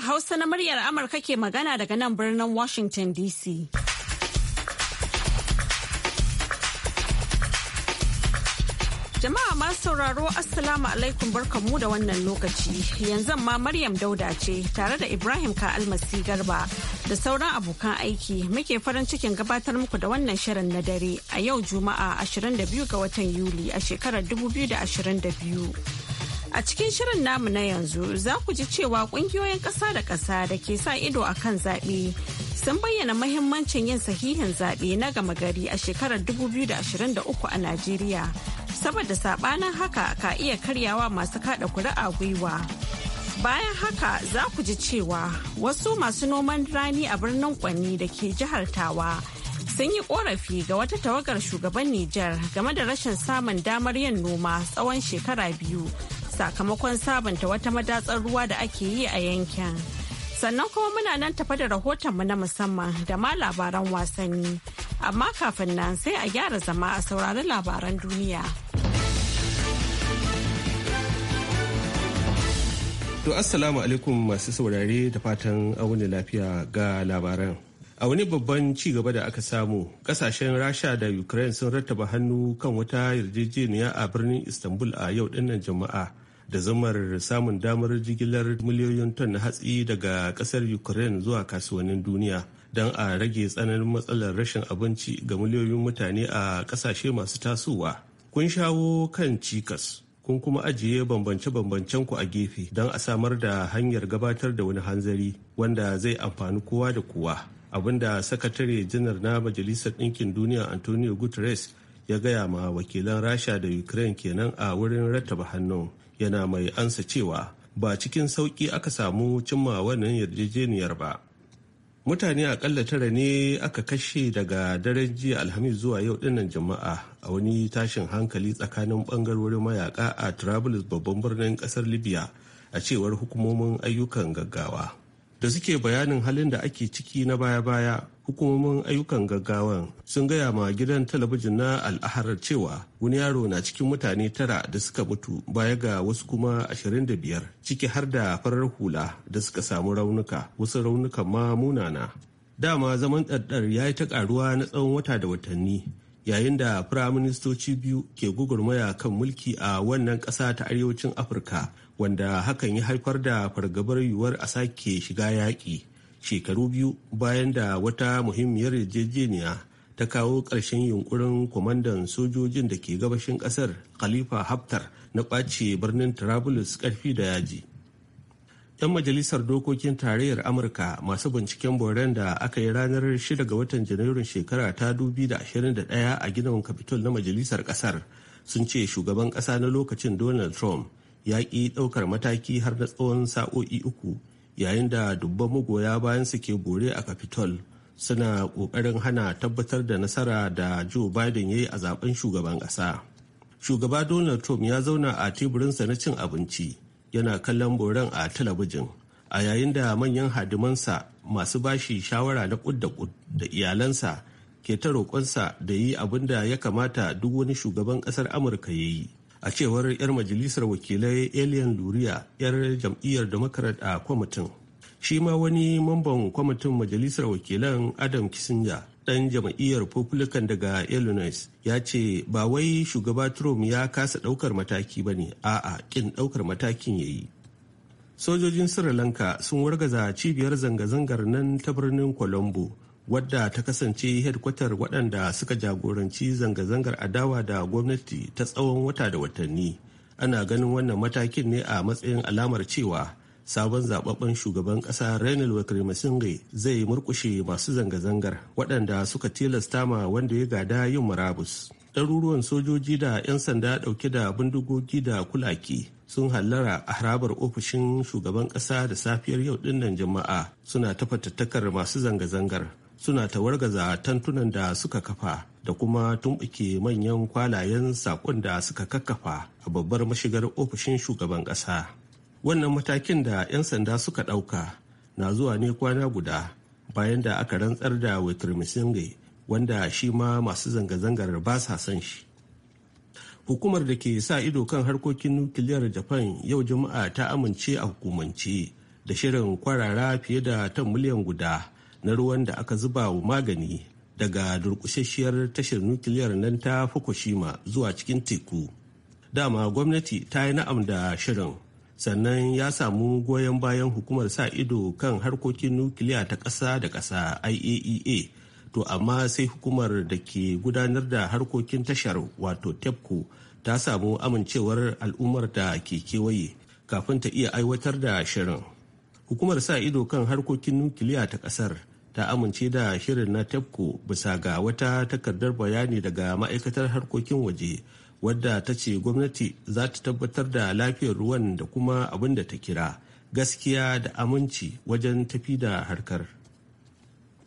Hausa na muryar Amurka ke magana daga nan birnin Washington DC. Jama'a masu sauraro Assalamu alaikum barkanmu da wannan lokaci. Yanzu ma Maryam Dauda ce tare da Ibrahim Ka'almasi Garba da sauran abokan aiki muke farin cikin gabatar muku da wannan shirin na dare a yau Juma'a 22 ga watan Yuli a shekarar 2022. A cikin shirin namu na yanzu za ku ji cewa kungiyoyin ƙasa da ƙasa da ke sa ido a kan zaɓe sun bayyana mahimmancin yin sahihin zaɓe na gama gari a shekarar 2023 a Najeriya. Saboda saɓanin haka ka iya karyawa masu kaɗa kuri'a gwiwa. Bayan haka za ku ji cewa wasu masu noman rani a birnin Kwanni da ke jihar Tawa. sun yi korafi ga wata tawagar shugaban Nijar game da rashin samun damar yin noma tsawon shekara biyu sakamakon sabunta wata madatsar ruwa da ake yi a yankin. Sannan kuma muna nan tafa da rahotonmu na musamman da ma labaran wasanni. Amma kafin nan sai a gyara zama a saurari labaran duniya. To Assalamu alaikum masu saurare da fatan wani lafiya ga labaran. A wani babban ci gaba da aka samu, kasashen Rasha da Ukraine sun rattaba hannu kan wata yarjejeniya a birnin Istanbul a yau dinnan jama'a da zamar samun damar jigilar miliyoyin ton hatsi daga kasar ukraine zuwa kasuwannin duniya don a rage tsananin matsalar rashin abinci ga miliyoyin mutane a kasashe masu tasowa kun shawo kan cikas kun kuma ajiye bambance-bambancen ku a gefe don a samar da hanyar gabatar da wani hanzari wanda zai amfani kowa da kowa abinda sakatare janar na majalisar ɗinkin duniya antonio guterres ya gaya ma wakilan rasha da ukraine kenan a wurin rattaba hannu yana mai ansa cewa ba cikin sauƙi aka samu cimma wannan yarjejeniyar ba mutane akalla tara ne aka kashe daga daren jiya alhamis zuwa yau dinnan jama'a a wani tashin hankali tsakanin bangarorin mayaka a Trablus babban birnin kasar libya a cewar hukumomin ayyukan gaggawa da suke bayanin halin da ake ciki na baya-baya hukumomin ayyukan gaggawan sun gaya ma gidan talabijin na al'ahar cewa wani yaro na cikin mutane tara da suka mutu baya ga wasu kuma 25 ciki har da farar hula da suka samu raunuka wasu raunuka ma munana dama zaman ɗaɗɗar ya yi ta ƙaruwa na tsawon wata da watanni yayin da firaministoci biyu ke gugurmaya kan mulki a wannan ƙasa ta arewacin afirka wanda hakan ya haifar da fargabar yiwuwar a sake shiga yaƙi shekaru biyu bayan da wata muhimmiyar yarjejeniya ta kawo ƙarshen yunkurin kwamandan sojojin da ke gabashin ƙasar khalifa haftar na ƙwace birnin trablus karfi da yaji yan majalisar dokokin tarayyar amurka masu binciken boren da aka yi ranar 6 ga watan janairun shekara ta 2021 a gidan capitol na majalisar ƙasar sun ce shugaban ƙasa na lokacin donald trump ya ƙi ɗaukar mataki har na tsawon sa'o'i uku yayin da dubban magoya bayan su ke bore a capitol suna ƙoƙarin hana tabbatar da nasara da joe biden ya yi a zaben shugaban ƙasa shugaba donald trump ya zauna a teburinsa na cin abinci yana kallon boren a talabijin a yayin da manyan hadimansa masu bashi shawara na kud da da iyalansa ke ta roƙonsa da yi abin da ya kamata duk wani shugaban ƙasar amurka ya yi a cewar 'yar majalisar wakilai alien duriya 'yar jam'iyyar democrat a kwamitin shi ma wani mamban kwamitin majalisar wakilan adam kissinger dan jam'iyyar republican daga illinois ya ce ba wai shugaba trump ya kasa daukar mataki ba ne a'a kin daukar matakin ya yi sojojin sri lanka sun wargaza cibiyar zanga-zangar nan ta birnin colombo wadda ta kasance hedkwatar waɗanda suka jagoranci zanga-zangar adawa da gwamnati ta tsawon wata da watanni ana ganin wannan matakin ne a matsayin alamar cewa sabon zababben shugaban ƙasa renal wakrimasinge zai murkushe masu zanga-zangar waɗanda suka tilasta ma wanda ya gada yin murabus ɗaruruwan sojoji da 'yan sanda ɗauke da bindigogi da kulaki sun hallara a harabar ofishin shugaban ƙasa da safiyar yau ɗinnan jama'a suna tafatattakar masu zanga-zangar suna tawargaza tantunan da suka kafa da kuma tumɓuke manyan kwalayen saƙon da suka kakkafa a babbar mashigar ofishin shugaban ƙasa. Wannan matakin da 'yan sanda suka ɗauka na zuwa ne kwana guda bayan da aka rantsar da Wikirmisinge wanda shi ma masu zanga-zangar ba sa son shi. Hukumar da ke sa ido kan harkokin nukiliyar Japan yau Juma'a ta amince a hukumance da shirin kwarara fiye da tan miliyan guda na ruwan da aka zuba wa magani daga durkusasshiyar tashar nukiliyar nan ta fukushima zuwa cikin teku dama gwamnati ta yi na'am da shirin sannan ya samu goyon bayan hukumar sa ido kan harkokin nukiliya ta ƙasa da ƙasa iaea e to amma sai hukumar da ke gudanar da harkokin tashar wato tepco ta samu amincewar al'ummar da ke kewaye kafin ta iya aiwatar da shirin hukumar sa ido kan harkokin nukiliya ta ƙasar. ta amince da shirin na tepco bisa ga wata takardar bayani daga ma'aikatar harkokin waje wadda ta ce gwamnati za ta tabbatar da lafiyar ruwan da kuma abin da ta kira gaskiya da aminci wajen tafi da harkar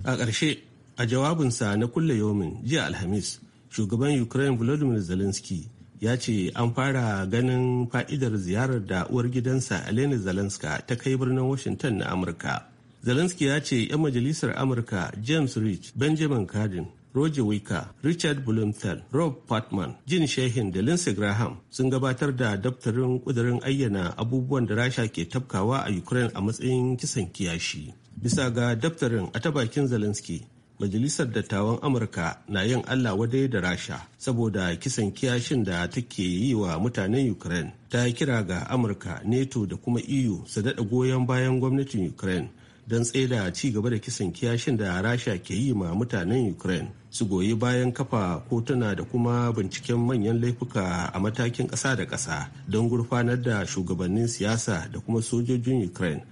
a ƙarshe a jawabinsa na kulle yomin jiya alhamis shugaban ukraine volodymyr zelensky ya ce an fara ganin fa'idar ziyarar da uwar gidansa elena zelenska ta kai birnin washington na amurka Zelensky ya ce 'yan majalisar Amurka James Rich, Benjamin Cardin, Roger Wicker, Richard Blumenthal, Rob Patman, Jin Shehin da Lindsey Graham sun gabatar da daftarin kudirin ayyana abubuwan da Rasha ke tafkawa a Ukraine a matsayin kisan kiyashi. Bisa ga daftarin a tabakin Zelensky, Majalisar Dattawan Amurka na yin Allah wadai da Rasha saboda kisan kiyashin da take yi wa mutanen Ukraine. Ta kira ga Amurka, NATO da kuma EU su daɗa goyon bayan gwamnatin Ukraine don tsaida ci gaba da kisan kiyashin da rasha ke yi ma mutanen ukraine su goyi bayan kafa kotuna da kuma binciken manyan laifuka a matakin ƙasa da ƙasa don gurfanar da shugabannin siyasa da kuma sojojin ukraine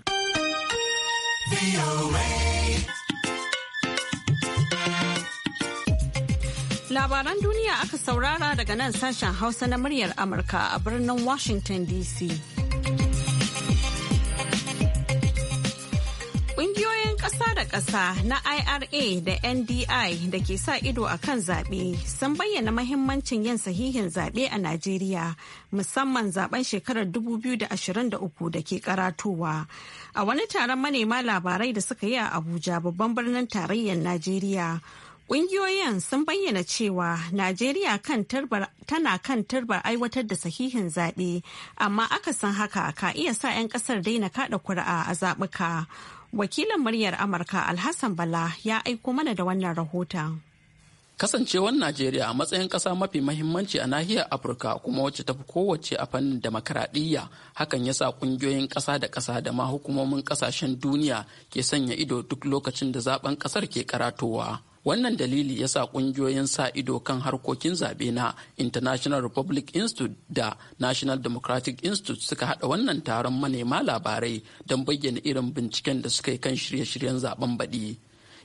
labaran duniya aka saurara daga nan sashen hausa na muryar amurka a birnin washington dc Ƙungiyoyin ƙasa da ƙasa na IRA da NDI da ke sa ido a kan zaɓe sun bayyana mahimmancin yin sahihin zaɓe a Najeriya musamman zaben shekarar 2023 da ke karatowa. A wani taron manema labarai da suka yi a Abuja babban birnin tarayyar Najeriya. Ƙungiyoyin sun bayyana cewa Najeriya tana kan turbar aiwatar da sahihin zaɓe, amma akasin haka ka iya sa 'yan ƙasar daina kaɗa kuri'a a zaɓuka. Wakilin muryar Amurka Alhassan Bala ya aiko mana da wannan rahoton. Kasancewar Najeriya a matsayin ƙasa mafi mahimmanci a nahiyar Afirka kuma wacce tafi kowace a fannin demokaradiyya hakan ya sa ƙungiyoyin ƙasa da ƙasa da ma hukumomin ƙasashen duniya ke sanya ido duk lokacin da zaben ƙasar ke karatowa. wannan dalili ya sa kungiyoyin sa ido kan harkokin zaɓe na international republic institute da national democratic institute suka haɗa wannan taron manema labarai don bayyana irin binciken da suka yi kan shirye-shiryen zaben baɗi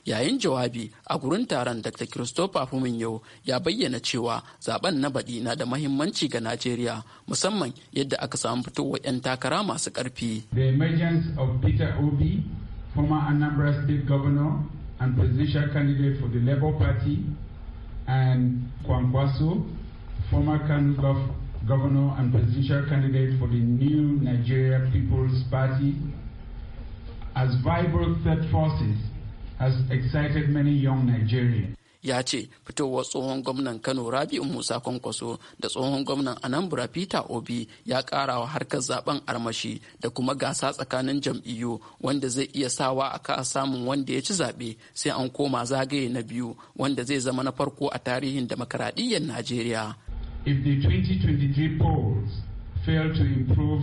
yayin jawabi a gurin taron dr christopher fuminyo ya bayyana cewa zaben na baɗi na da mahimmanci ga najeriya musamman yadda aka samu fitowa 'yan takara masu ƙarfi the emergence of peter obi former anambra state governor And presidential candidate for the Labour Party, and Kwangwaso, former Kanu governor and presidential candidate for the new Nigeria People's Party, as vibrant third forces has excited many young Nigerians. ya ce fitowar tsohon gwamnan kano rabi'u musa kwankwaso da tsohon gwamnan anambra peter obi ya karawa harkar zaben armashi da kuma gasa tsakanin jam'iyyu wanda zai iya sawa a ka samun wanda ya ci zaɓe sai an koma zagaye na biyu wanda zai zama na farko a tarihin demokaradiyyar najeriya if the 2023 polls fail to improve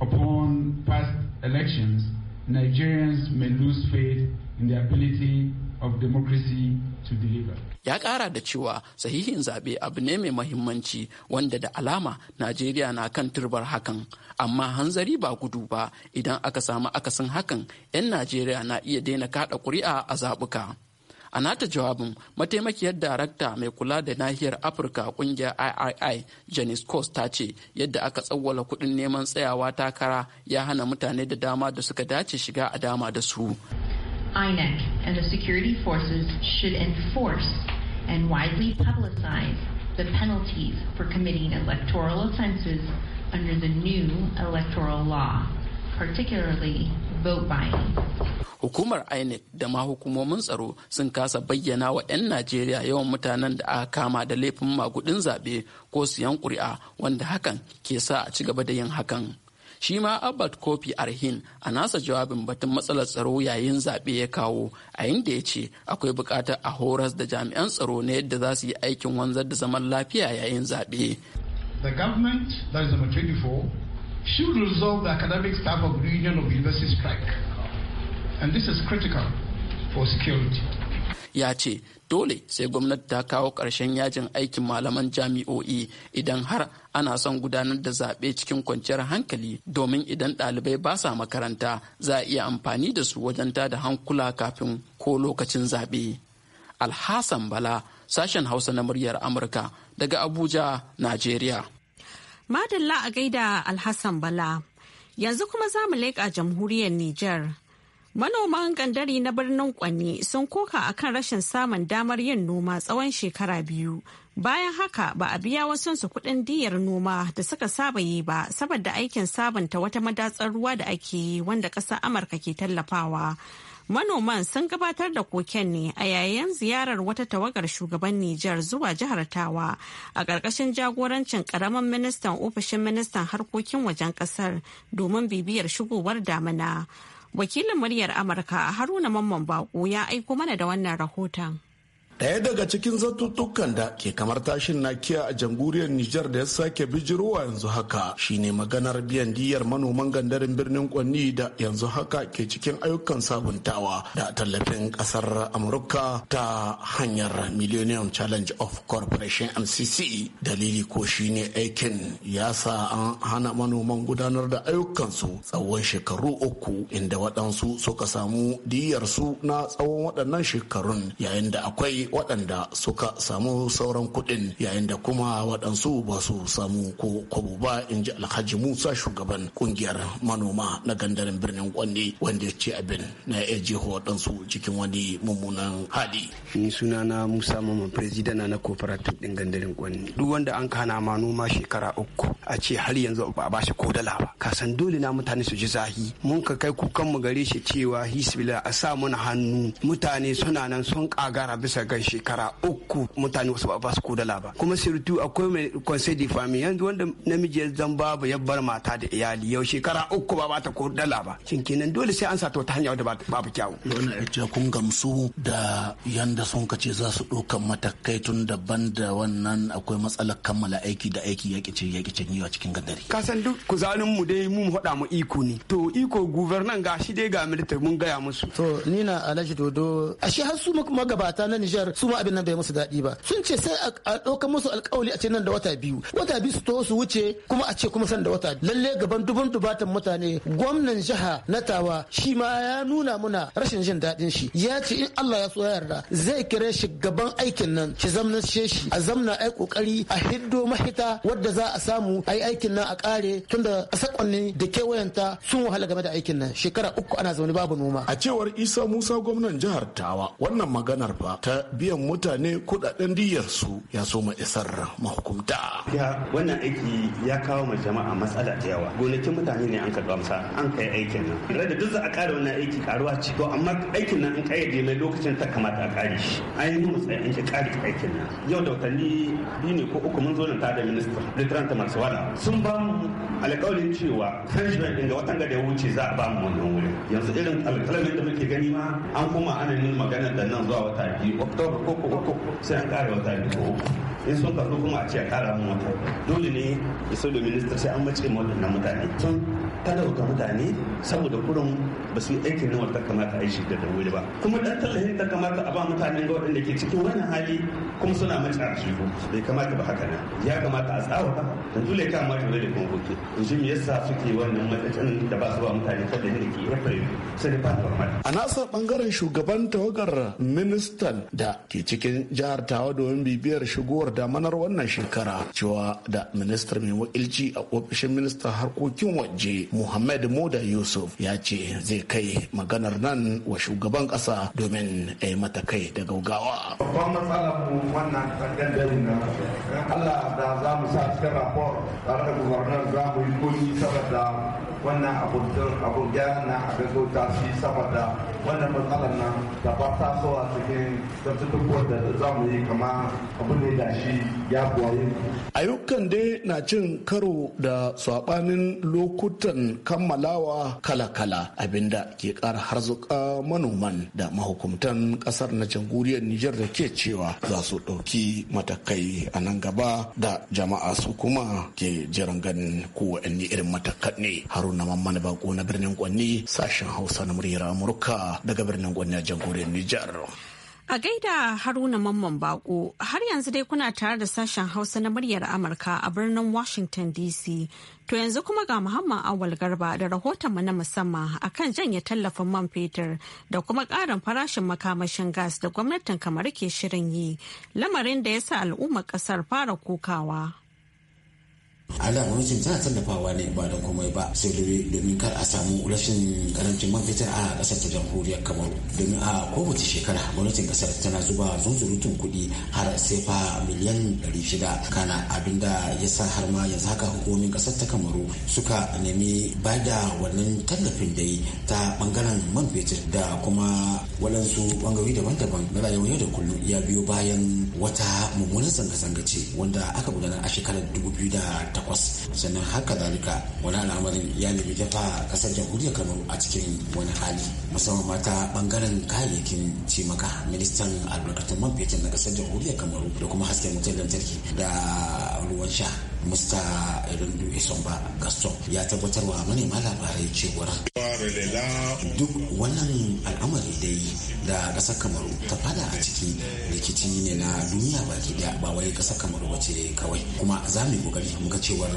upon past elections nigerians may lose faith in their ability of democracy to deliver. Ya ƙara da cewa sahihin zaɓe abu ne mai mahimmanci wanda da alama Najeriya na kan turbar hakan. Amma hanzari ba gudu ba idan aka samu akasin hakan 'yan Najeriya na iya daina kaɗa ƙuri'a a zaɓuka. a nata jawabin mataimakiyar darakta mai kula da nahiyar afirka kungiyar iii janice coast ta ce yadda aka tsawwala kudin neman tsayawa takara ya hana mutane da dama da suka dace shiga a dama da su INEC and the security forces should enforce and widely publicize the penalties for committing electoral offenses under the new electoral law, particularly vote buying. Hukumar INEC da tsaro sun kasa bayyana wa 'yan Najeriya yawan mutanen da aka kama da laifin magudin zaɓe ko siyan ƙuri'a wanda hakan ke sa a ci gaba da yin hakan. shi ma abbott kofi arhin a nasa jawabin batun matsalar tsaro yayin zaɓe ya kawo a inda ya ce akwai buƙatar a horas da jami'an tsaro na yadda za su yi aikin wanzar da zaman lafiya yayin zaɓe. The government, that is number 24, should resolve the academic staff of the Union of University strike. And this is critical for security. Ya ce, dole sai gwamnati ta kawo ƙarshen yajin aikin malaman jami'o'i idan har ana son gudanar da zaɓe cikin kwanciyar hankali domin idan ɗalibai ba sa makaranta za a iya amfani da su wajen tada hankula kafin ko lokacin zaɓe. Alhassan Bala, sashen Hausa na muryar Amurka daga Abuja, Najeriya. Madalla a gaida Alhassan Bala. Yanzu kuma za mu leƙa jamhuriyar Nijar. Manoman gandari na birnin Kwanne sun koka a kan rashin samun damar yin noma tsawon shekara biyu. Bayan haka ba a biya wasunsu kuɗin diyar noma da suka saba yi ba saboda aikin sabunta wata madatsar ruwa da ake yi wanda ƙasar Amurka ke tallafawa. Manoman sun gabatar da koken ne a yayin ziyarar wata tawagar shugaban Nijar zuwa jihar Tawa a ƙarƙashin jagorancin ƙaramin ministan ofishin ministan harkokin wajen ƙasar domin bibiyar shigowar damina. Wakilin muryar Amurka Haruna Mamman Bako ya aiko mana da wannan rahoton. Daya daga cikin zatuttukan da ke kamar tashin nakiya a jamhuriyar Nijar da ya sake bijirowa yanzu haka shine maganar biyan diyar manoman gandarin birnin Kwanni da yanzu haka ke cikin ayyukan sabuntawa da tallafin kasar Amurka ta hanyar Millennium Challenge of Corporation MCC. Dalili ko shine aikin ya sa an hana manoman gudanar da ayyukansu tsawon shekaru uku inda waɗansu suka samu su na tsawon waɗannan shekarun yayin da akwai waɗanda suka samu sauran kuɗin yayin da kuma waɗansu ba su samu ko kwabo ba in ji alhaji musa shugaban ƙungiyar manoma na gandarin birnin kwanne wanda ya ce abin na iya jeho waɗansu cikin wani mummunan hali ni suna na musa mama president na cooperative ɗin gandarin kwanne duk wanda an kana ma noma shekara uku a ce har yanzu ba a bashi ko dala ba ka san dole na mutane su ji zahi mun ka kai kukan mu gare shi cewa hisbila a sa mana hannu mutane suna nan sun kagara bisa ga kai shekara uku mutane wasu ba su kudala ba kuma sirtu akwai mai conseil de famille yanzu wanda namiji ya zan babu ya bar mata da iyali yau shekara uku ba ba ta kudala ba shin kenan dole sai an sa ta wata hanya da babu kyawu wannan ita kun gamsu da yanda sun kace za su ɗaukan matakai tun daban da wannan akwai matsalar kammala aiki da aiki ya kice ya kice yi a cikin gadari ka san duk kuzarin mu dai mu faɗa mu iko ne to iko guvernan ga shi dai ga milita mun gaya musu to ni na alhaji dodo a shi har su magabata na Nijar biyar su ma abin nan bai musu daɗi ba sun ce sai a ɗaukar musu alkawali a ce nan da wata biyu wata biyu su to su wuce kuma a ce kuma san da wata lalle gaban dubun dubatan mutane gwamnan jiha na tawa shi ma ya nuna muna rashin jin daɗin shi ya ce in Allah ya so ya yarda zai kira shi gaban aikin nan shi zamna shi a zamna ai kokari a hiddo mahita wadda za a samu ai aikin nan a kare tunda sakonni da kewayenta sun wahala game da aikin nan shekara uku ana zaune babu noma a cewar Isa Musa gwamnan jihar Tawa wannan maganar fa ta biyan mutane kudaden diyarsu ya so ma isar mahukumta. Ya wannan aiki ya kawo ma jama'a matsala da yawa. Gonakin mutane ne an karɓa masa an kai aikin nan. Rage duk za a kare wannan aiki karuwa ce. To amma aikin nan an ƙayyade mai lokacin ta kamata a kare shi. An yi mu tsaye an shi aikin nan. Yau da watanni biyu ne ko uku mun zo nan tare da minista Lieutenant masuwala. Sun ba mu alƙawarin cewa management ɗin ga watan da ya wuce za a ba mu wannan wuri. Yanzu irin alƙalamin da muke gani ma an kuma ana yin maganar da nan zuwa wata biyu. 嗰個聲街又有唔好。in sun karu kuma a ce a kara mu wata dole ne da sau da minista sai an mace ma wadannan mutane sun talauta mutane saboda kurin ba su yi aikin nan wata kamata a yi da da wuri ba kuma dan tallafin da kamata a ba mutane ga waɗanda ke cikin wannan hali kuma suna mace a su bai kamata ba haka nan ya kamata a tsawata dan dole ma kamata da kuma hoke in ji me yasa suke wannan matsatsin da ba su ba mutane tallafin da ke rafayi sai da ba a nasa bangaren shugaban tawagar ministan da ke cikin jihar tawa domin bibiyar shigowar damanar wannan shekara cewa da ministar mai wakilci a ofishin ministan harkokin waje muhammad moda yusuf ya ce zai kai maganar nan wa shugaban kasa domin a yi mata kai da gaugawa babban matsalar mu wannan tsangan dare na allah da za mu sa cikin rapor tare da gubernar za mu yi koyi saboda wannan abun na a ta shi saboda wannan matsalar nan da ba ta so a cikin da za mu yi kama abin da shi. shi ya ayyukan dai na cin karo da saɓanin lokutan kammalawa kala-kala abinda ke ƙara harzuka manoman da mahukumtan ƙasar na jamhuriyar Nijar da ke cewa za su ɗauki matakai a nan gaba da jama'a su kuma ke jiran ganin kowanne irin matakan ne haruna mamman bako na birnin kwanni sashen hausa na muryar amurka daga birnin kwanni a jamhuriyar Nijar. A gaida Haruna Mamman Bako har yanzu dai kuna tare da sashen Hausa na muryar Amurka a birnin Washington DC. To yanzu kuma ga Muhammad Awal Garba da rahoton mu na musamman akan janye tallafin man fetur da kuma ƙarin farashin makamashin gas da gwamnatin kamar ke shirin yi, lamarin da ya sa al'ummar ƙasar fara kokawa. ala gwamnatin tana tallafawa ne ba don komai ba sai domin kar a samu rashin karancin man fetur a kasar ta jamhuriyar kamaru domin a kowace shekara gwamnatin kasar tana zuba zunzurutun kuɗi har sai fa miliyan shida. kana abinda ya sa har ma yanzu haka hukumomin kasar ta kamaru suka nemi ba da wannan tallafin da yi ta bangaren man fetur da kuma waɗansu bangarori daban-daban na rayuwar yau da kullum ya biyo bayan wata mummunan zanga-zanga ce wanda aka gudanar a shekarar da takwas sannan haka zalika wani al'amarin ya nemi jafa kasar jamhuriyar kamaru a cikin wani hali musamman mata bangaren kayayyakin cimaka ministan albarkatun man fetur na kasar jamhuriyar kamaru da kuma hasken wutar lantarki da ruwan sha mista irindu isomba gaston ya tabbatarwa manema labarai cewar duk wannan al'amari dai da ƙasar kamaru ta fada a ciki rikici ne na duniya baki daya ba wai ƙasar kamaru ba ce kawai kuma za mu yi ƙoƙari mu ga cewar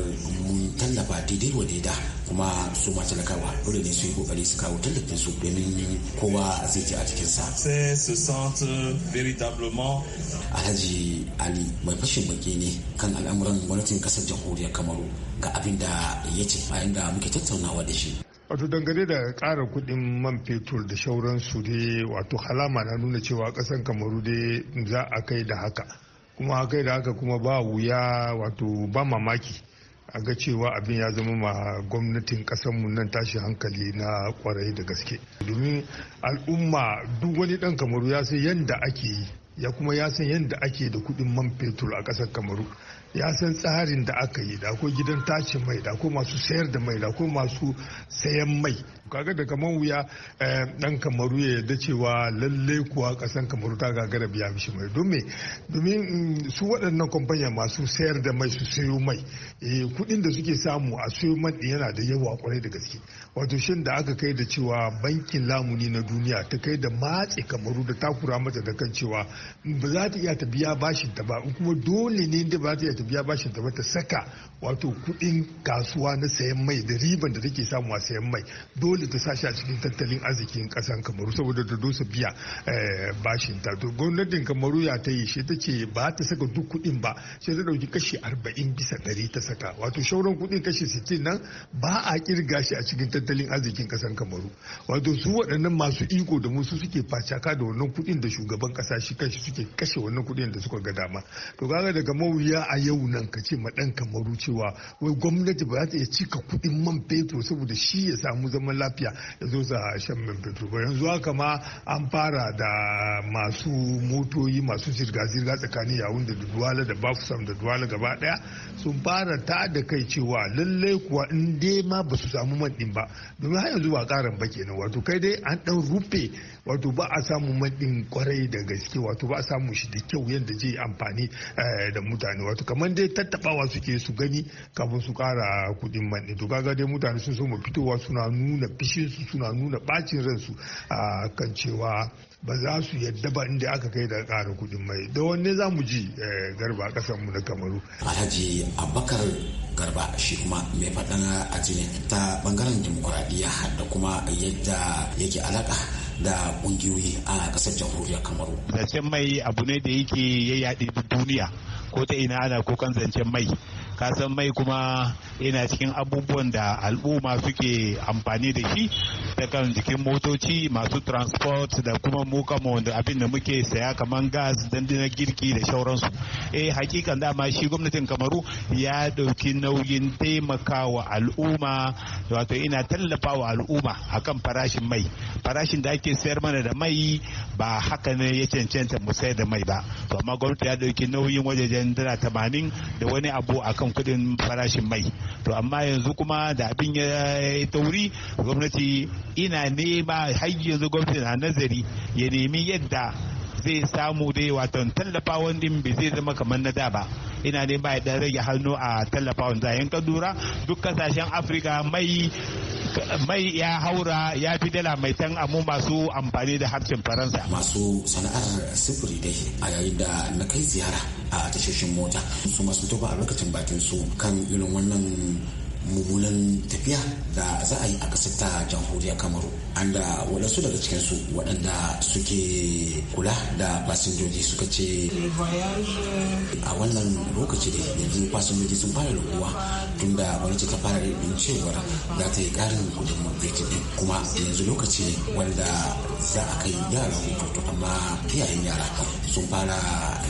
mun tallafa daidai wa daida kuma su ma talakawa dole ne su yi kokari su kawo tallafin su domin kowa zai ji a cikin sa alhaji ali mai fashin baki ne kan al'amuran gwamnatin kasar jamhuriyar kamaru ga abin da ya ce bayan da muke tattaunawa da shi wato dangane da ƙara kuɗin man fetur da shauransu dai wato halama na nuna cewa ƙasar kamaru dai za a kai da haka kuma kai da haka kuma ba wuya wato ba mamaki a ga cewa abin ya zama ma gwamnatin mu nan tashi hankali na kwarai da gaske domin al'umma duk wani ɗan kamaru ya san yadda ake yi ya kuma ya san yadda ake da kuɗin man fetur a ƙasar kamaru ya san tsarin da aka yi da ko gidan tashi mai da ko masu sayar da mai da ko masu sayan mai kaga da kamar wuya eh, dan kamaru ya yarda cewa lalle kuwa kasan kamaru ta gagara biya mishi mai domin domin mm, su waɗannan kwamfanya masu sayar da mai su sayo mai eh, kuɗin da suke samu a sayo man yana da yawa kwarai da gaske wato shin da aka kai da cewa bankin lamuni na duniya ta kai da matse kamaru da takura mata da kan cewa ba za ta iya ta biya bashin ta ba kuma dole ne da ba za ta iya ta biya bashin ta ba ta saka wato kuɗin kasuwa na sayan mai da riban da take samu a sayan mai dole dole ta sashi a cikin tattalin arzikin kasan kamaru saboda ta dosa biya eh, bashin ta to gwamnatin kamaru ya ta yi shi ta ce ba ta saka duk kuɗin ba sai ta dauki kashi arba'in bisa ɗari ta saka wato shauran kuɗin kashi sittin nan ba a kirga shi a cikin tattalin arzikin kasan kamaru wato su waɗannan masu iko da musu suke facaka da wannan kuɗin da shugaban ƙasa shi kanshi suke kashe wannan kuɗin da suka ga dama to kaga daga mawuya a yau nan ka ce ma dan kamaru cewa wai gwamnati ba za ta iya cika kuɗin man fetur saboda shi ya samu zaman lafiya lafiya ya zo sa shan man fetur ba yanzu haka ma an fara da masu motoyi masu zirga-zirga tsakanin yawun da duwala da bafusam da duwala gaba daya sun fara ta da kai cewa lallai kuwa in dai ma ba su samu man din ba domin har yanzu ba karan ba kenan wato kai dai an ɗan rufe wato ba a samu maɗin kwarai da gaske wato ba a samu shi da kyau yadda zai amfani eh, da mutane wato kamar dai tattabawa suke su gani kafin su kara kuɗin maɗin to kaga dai mutane sun so mu fitowa suna nuna su suna nuna bacin ransu a kan cewa ba za su yadda ba inda aka kai da kara kuɗin mai da wanne za mu ji eh, garba ƙasar mu na kamaru alhaji abubakar garba shi kuma mai faɗana a jini ta bangaren demokuraɗiyya da kuma yadda yake alaƙa da kungiyoyi a kasar jamhuriyar kamaru zancen mai abu ne da yake ya yaɗe duniya ko ta ina ana kukan zancen mai ka san mai kuma yana cikin abubuwan da al'umma suke amfani da shi ta kan jikin motoci masu transport da kuma mu kama wanda abin da muke saya kamar gas dandanar girki da shauransu eh hakikan dama shi gwamnatin kamaru ya dauki nauyin taimakawa al'umma wato ina tallafawa al'umma akan farashin mai farashin da ake sayar mana da mai ba haka ne ya cancanta mu sayar da mai ba to amma gwamnati ya dauki nauyin wajejen dala tamanin da wani abu akan kan kudin farashin mai to amma yanzu kuma da abin ya tauri gwamnati ina nema har yanzu gwamnati na nazari ya nemi yadda zai samu dai watan tallafawan din bai zai zama kamar na da ba ina ne ba ya rage hannu a tallafawan zayen kadura duk kasashen afirka mai mai ya haura ya fi dala mai tan amu masu amfani da harshen faransa masu sana'ar sufuri dai a yayin da na kai ziyara a tashoshin mota su masu tuba a lokacin bakin su kan irin wannan mugulan tafiya da za a yi a ƙasar ta jamhuriyar kamaru an da waɗansu daga cikinsu waɗanda suke kula da fasinjoji suka ce a wannan lokaci da yanzu fasinjoji sun fara rukuwa tun da gwamnati ta fara rubin cewar za ta yi ƙarin kudin mabriti ne. kuma yanzu lokaci wanda za a kai yara hutu amma iyayen yara sun fara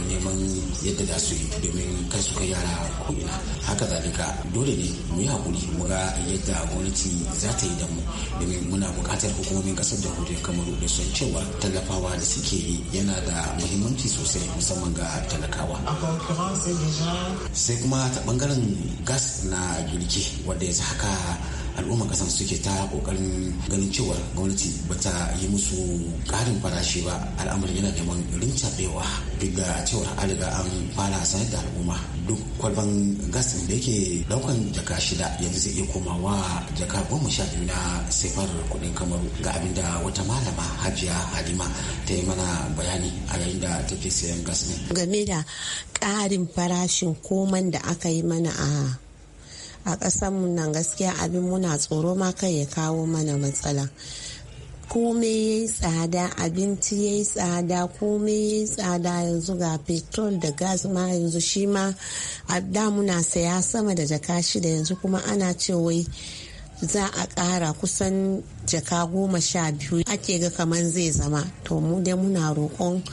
neman yadda za su yi domin kai su kai yara ko'ina haka zalika dole ne mu yi muga mu ga yadda gwamnati za ta yi da mu domin muna buƙatar hukumomin ƙasar jamhuriyar kamaru da sun cewa tallafawa da suke yi yana da muhimmanci sosai musamman ga talakawa sai kuma ta bangaren gas na girki wanda ya haka al'ummar kasar suke ta kokarin ganin cewa gwamnati bata yi musu karin farashi ba al'amarin yana neman rincaɓewa duk da cewar an an fara sanar da al'umma duk kwalban gas da yake daukan jaka shida yanzu zai iya komawa jaka goma sha biyu na sefar kuɗin kamaru ga abin da wata malama hajiya halima ta yi mana bayani a yayin da ta take sayan gas ne. game da ƙarin farashin koman da aka yi mana a a ƙasar nan gaskiya abin muna tsoro ma kai ya kawo mana matsala komai ya yi tsada abinci ya yi tsada komai ya yi tsada yanzu ga petrol da gas ma yanzu shi ma a da muna saya sama da jaka shida yanzu kuma ana ce wai za a ƙara kusan jaka goma sha biyu ake ga kamar zai zama to mu dai muna roƙon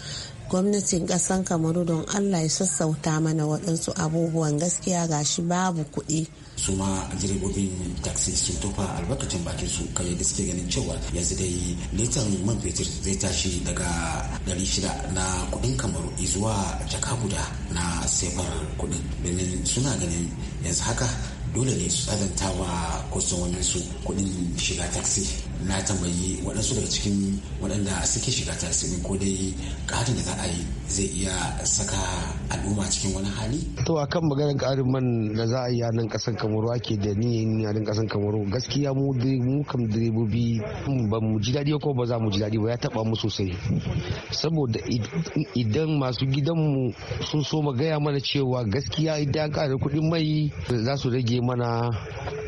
gwamnatin ƙasan kamaru don allah ya sassauta mana waɗansu abubuwan gaskiya gashi babu kuɗi su ma direbobin taxi sun tofa albarkacin bakin su kai da suke ganin cewa yanzu dai litan man fetur zai tashi daga 600 na kudin kamaru zuwa jaka guda na sefar kudin domin suna ganin yanzu haka dole ne su tsadanta wa wani su kudin shiga taxi na tambayi waɗansu daga cikin waɗanda suke shiga tasirin ko dai ƙarin da za a yi zai iya saka al'umma cikin wani hali. to kan maganar ƙarin man da za a yi a nan ƙasar kamaru ake da ni a nan ƙasar kamaru gaskiya mu mu kam direbobi ba mu ji daɗi ko ba za mu ji daɗi ba ya taɓa mu sosai saboda idan masu gidan mu sun so mu gaya mana cewa gaskiya idan ƙarin kuɗin mai za su rage mana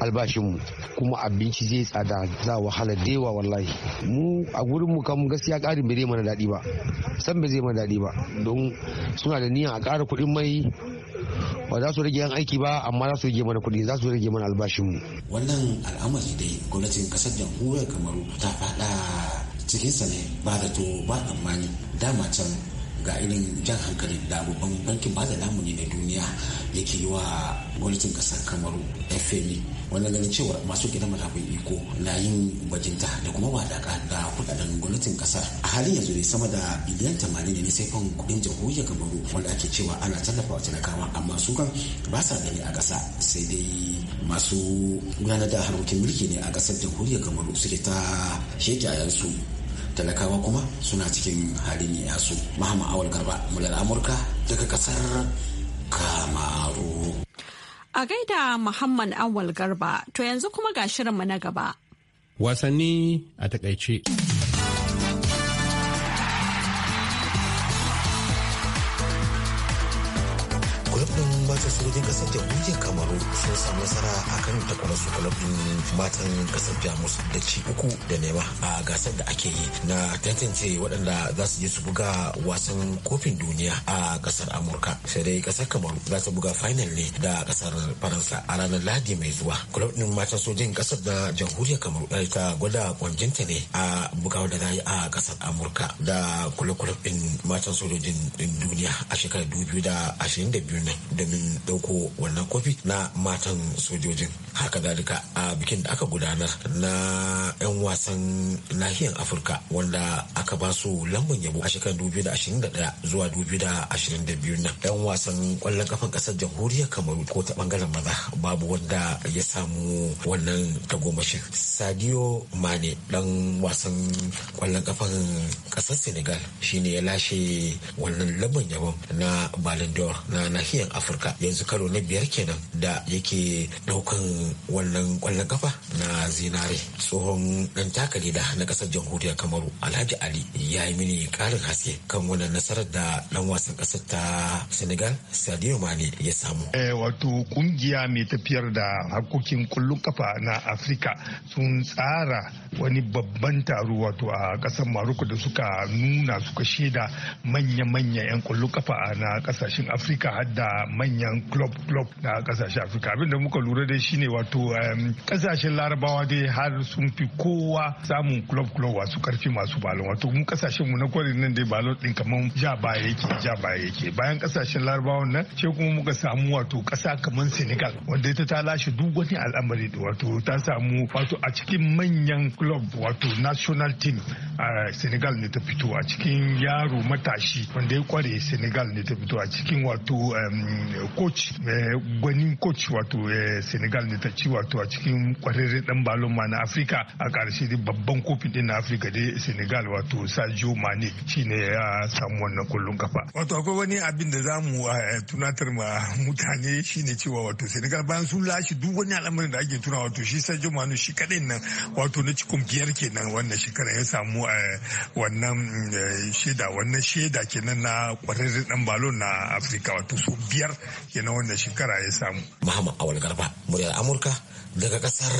albashinmu kuma abinci zai tsada za wahala dewa walahi wallahi mu a gurin mu kam gaskiya karin bai mana dadi ba san bai zai mana dadi ba don suna da niyan a kara kuɗin mai ba za su rage yan aiki ba amma za su rage mana kuɗi za su rage mana albashin mu. wannan al'amari dai gwamnatin kasar jamhuriyar kamaru ta fada cikinsa ne ba da to ba amma dama can ga irin jan hankali da babban bankin ba da lamuni na duniya ke yi wa gwamnatin kasar kamaru fmi e. wannan ganin cewa masu gidan matakan iko na yin bajinta da kuma wadaka da kudaden gwamnatin kasar a halin yanzu ne sama da biliyan tamanin ne sai kan kudin jamhuriyar kamaru wanda ake cewa ana tallafa wa talakawa amma su kan ba sa gani a kasa sai dai masu gudanar da harkokin mulki ne a kasar jamhuriyar kamaru suke ta shekayensu talakawa kuma suna cikin halin yasu su mahama awal garba mular amurka daga kasar kamaru a gaida muhammad awal garba to yanzu kuma ga shirinmu na gaba wasanni a takaice sojojin kasar jamhuriyar kamaru sun samu nasara a kan takwara su din matan kasar jamus da ci uku da nema a gasar da ake yi na tantance waɗanda za su je su buga wasan kofin duniya a kasar amurka sai dai kasar kamaru za ta buga final ne da kasar faransa a ranar ladi mai zuwa kwalabin matan sojojin kasar da jamhuriyar kamaru ta gwada kwanjinta ne a bugawa da za a kasar amurka da kwalabin matan sojojin duniya a shekarar 2022 domin dauko wannan kofi na matan sojojin haka dalika a bikin da aka gudanar na 'yan wasan nahiyar afirka wanda aka ba su lambun yabo a shekarar 2021 zuwa 2022 na 'yan wasan kwallon kafan kasar jamhuriyar kamaru ko ta bangaren maza babu wanda ya samu wannan tagomashin sadio mane dan wasan kwallon kafan kasar senegal shine ya lashe wannan lambun yabon na balindor na nahiyar afirka yanzu yanzu karo na biyar kenan da yake daukan wannan kwallon kafa na zinare tsohon dan da na kasar jamhuriyar kamaru alhaji ali ya yi mini karin haske kan wannan nasarar da dan wasan kasar ta senegal sadio mane ya samu eh, wato kungiya mai tafiyar da harkokin kullun kafa na afirka sun tsara wani babban taro wato a kasar maroko da suka nuna suka shaida manya-manya 'yan kwallo kafa na kasashen afirka har da manyan club club na kasashen afirka abinda muka lura da shi ne wato kasashen larabawa dai har sun fi kowa samun club club wasu karfi masu balon wato mu kasashen mu na kwarin nan dai balon din kamar ja baya yake ja baya yake bayan kasashen larabawa nan sai kuma muka samu wato kasa kamar senegal wanda ita ta lashe duk wani al'amari da wato ta samu wato a cikin manyan club wato national team a senegal ne ta fito a cikin yaro matashi wanda ya kware senegal ne ta fito a cikin wato coach eh, gwanin coach wato eh, senegal ne ta ci wato a cikin kwararre dan balon ma na afirka a karshe babban kofin din na afirka da senegal wato sajo mane ne ya samu wannan kullun kafa wato akwai wani abin da zamu eh, tunatar ma mutane shine cewa wato senegal bayan sun lashe duk wani al'amarin da ake tuna wato shi sajo mane shi kadai nan wato na ci. kungiyar biyar kenan wannan shekara ya samu eh, wannan eh, shaida wannan shaida kenan na kwararren dan balon na afirka wato su biyar kenan wannan shekara ya samu muhammad awal garba muryar amurka daga kasar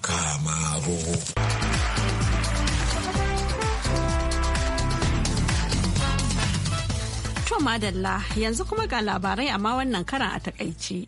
kamaru To madalla yanzu kuma ga labarai amma wannan karan a takaici.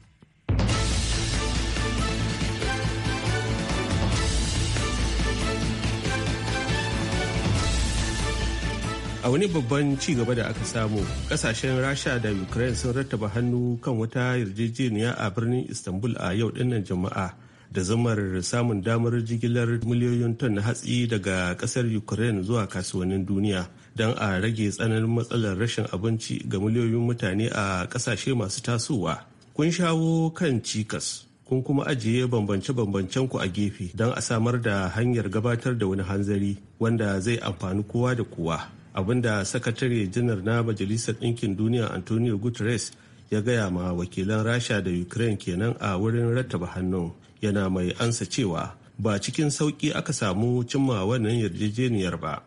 a wani babban ci gaba da aka samu kasashen rasha da ukraine sun rattaba hannu kan wata yarjejeniya a birnin istanbul a yau dinnan jama'a da zamar samun damar jigilar miliyoyin ton na hatsi daga kasar ukraine zuwa kasuwannin duniya don a rage tsananin matsalar rashin abinci ga miliyoyin mutane a kasashe masu tasowa kun shawo kan cikas kun kuma ajiye bambance-bambancen ku a gefe don a samar da hanyar gabatar da wani hanzari wanda zai amfani kowa da kowa abinda sakatare janar na majalisar ɗinkin duniya antonio guterres ya gaya ma wakilan rasha da ukraine kenan a wurin rattaba hannu yana mai ansa cewa ba cikin sauƙi aka samu cimma wannan yarjejeniyar ba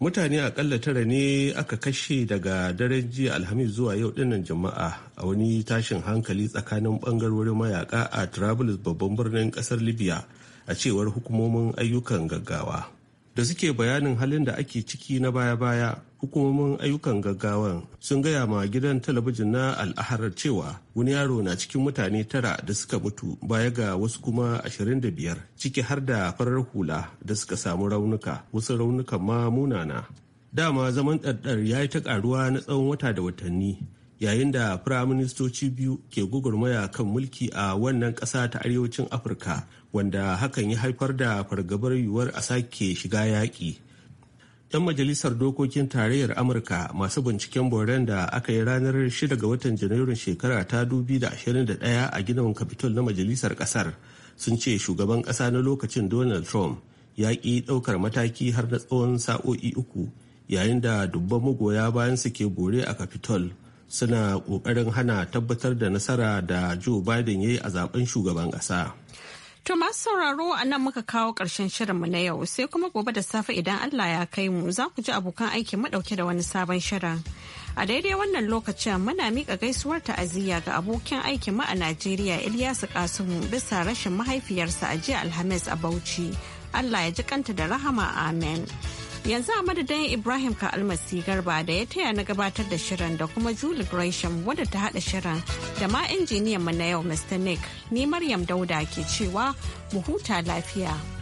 mutane akalla tara ne aka kashe daga daren jiya alhamis zuwa yau dinnan jama'a a wani tashin hankali tsakanin bangarorin mayaka a trablus babban birnin kasar libya a cewar hukumomin ayyukan gaggawa da suke bayanin halin da ake ciki na baya-baya hukumomin ayyukan gaggawan sun gaya ma gidan talabijin na al'aharar cewa wani yaro na cikin mutane tara da suka mutu baya ga wasu kuma 25 ciki har da farar hula da suka samu raunuka wasu raunuka ma munana dama zaman ɗaɗɗar ya yi ta ƙaruwa na tsawon wata da watanni yayin da firaministoci biyu ke gugurmaya kan mulki a wannan ƙasa ta arewacin afirka wanda hakan ya haifar da fargabar yiwuwar a sake shiga yaƙi. 'yan majalisar dokokin tarayyar amurka masu binciken boren da aka yi ranar 6 ga watan janairun shekara ta 2021 a gidan capitol na majalisar kasar sun ce shugaban ƙasa na lokacin donald trump ya ƙi ɗaukar mataki har na tsawon sa'o'i uku yayin da dubban magoya bayan su ke bore a capitol suna ƙoƙarin hana tabbatar da nasara da Joe Biden ya yi a zaben shugaban ƙasa. To masu sauraro a nan muka kawo ƙarshen shirinmu na yau sai kuma gobe da safe idan Allah ya kai mu za ku ji abokan aiki madauke da wani sabon shirin. A daidai wannan lokacin muna miƙa gaisuwar ta'aziyya ga abokin aikin mu a Najeriya Ilyasu Kasumu bisa rashin mahaifiyarsa a jiya Alhamis a Bauchi. Allah ya ji kanta da rahama amen. yanzu a madadin ibrahim ka almasi garba da ya taya na gabatar da shirin da kuma julie gresham wadda ta haɗa shirin da ma injiniyan mu na yau mr nick ni maryam dauda ke cewa mu huta lafiya